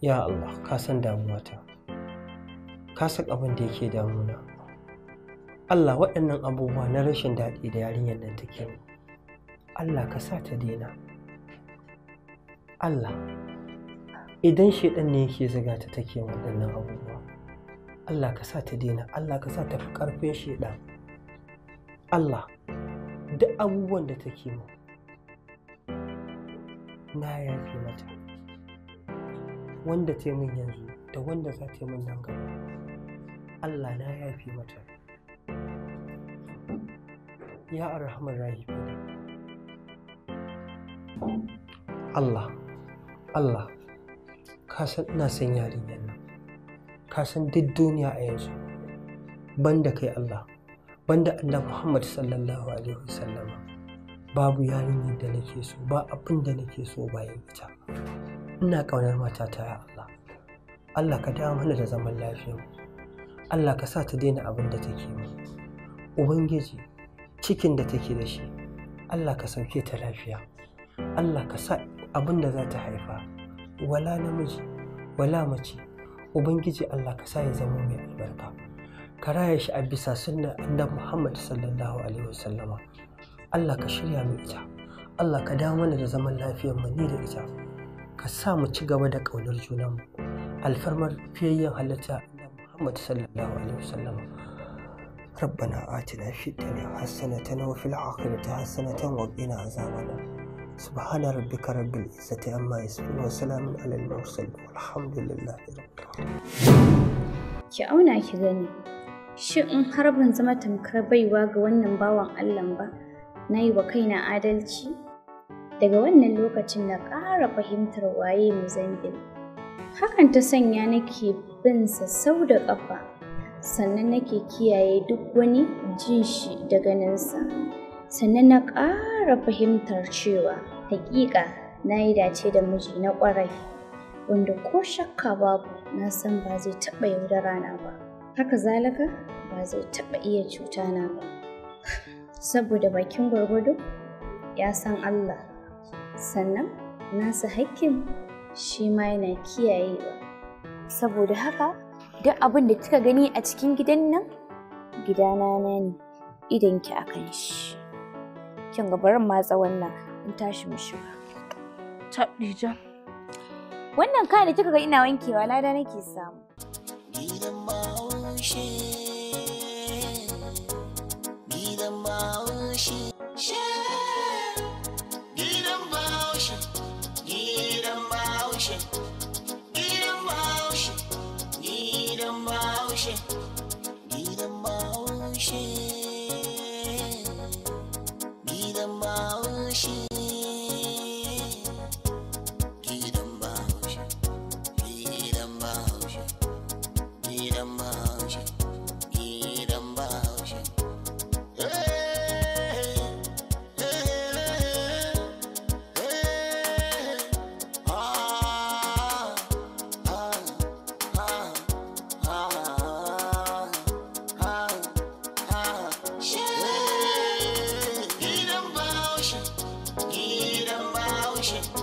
ya Allah ka san damuwata ka san abin da yake damuna Allah waɗannan abubuwa na rashin daɗi da yarinyar nan take ne, Allah ka sa ta daina Allah idan shaidan ne yake zuga ta take waɗannan abubuwa Allah ka sa ta daina Allah ka sa ta fi ƙarfin shaidan Allah duk abubuwan da take mu na yafe mata wanda ta min yanzu da wanda za ta min nan gaba Allah na yafi mata ya arhamar rahimi Allah Allah ka san ina san yarin nan ka san duk duniya a yanzu banda kai Allah banda annabi Muhammad sallallahu alaihi wasallama babu yarin da nake so ba abin da nake so bayan ita ina ƙaunar matata ya Allah Allah ka dawo mana da zaman lafiya Allah ka sa ta daina abin da take yi Ubangiji cikin da take da shi Allah ka sauke ta lafiya Allah ka sa abin da za ta haifa wala namiji wala mace Ubangiji Allah ka sa ya zama mai albarka ka raya shi a bisa sunnar annabi Muhammad sallallahu alaihi wasallama Allah ka shirya mu ita Allah ka dawo mana da zaman lafiyar mu ni da ita ka sa mu ci gaba da ƙaunar junanmu alfarmar fiyayyen halitta na Muhammad sallallahu alaihi wasallam ربنا آتنا في الدنيا حسنة وفي الآخرة حسنة وقنا عذاب سبحان ربك رب العزة عما يصفون وسلام على المرسلين والحمد لله رب العالمين ki auna ki gani shin in har ban zama tamkar baiwa ga wannan bawan Allah ba na yi wa kaina adalci Daga wannan lokacin na ƙara fahimtar waye mu Mozambique. Hakan ta sanya nake bin sa sau da ƙafa, sannan nake kiyaye duk wani jin shi da ganinsa. Sannan na ƙara fahimtar cewa hakika na yi dace da miji na ƙwarai, wanda ko shakka babu na san ba zai taɓa yaudara na ba. Haka zalika ba zai taɓa iya cuta na ba. Saboda bakin gwargwado ya san Allah sannan nasa haƙƙin shi ma yana kiyayewa saboda haka duk abin da kika gani a cikin gidan nan gidana na ne ki a kan shi kin ga barin matsa wannan in tashi mu shiga taɗija wannan kaya da kika ga ina wankewa lada nake samu gidan maushe gidan action.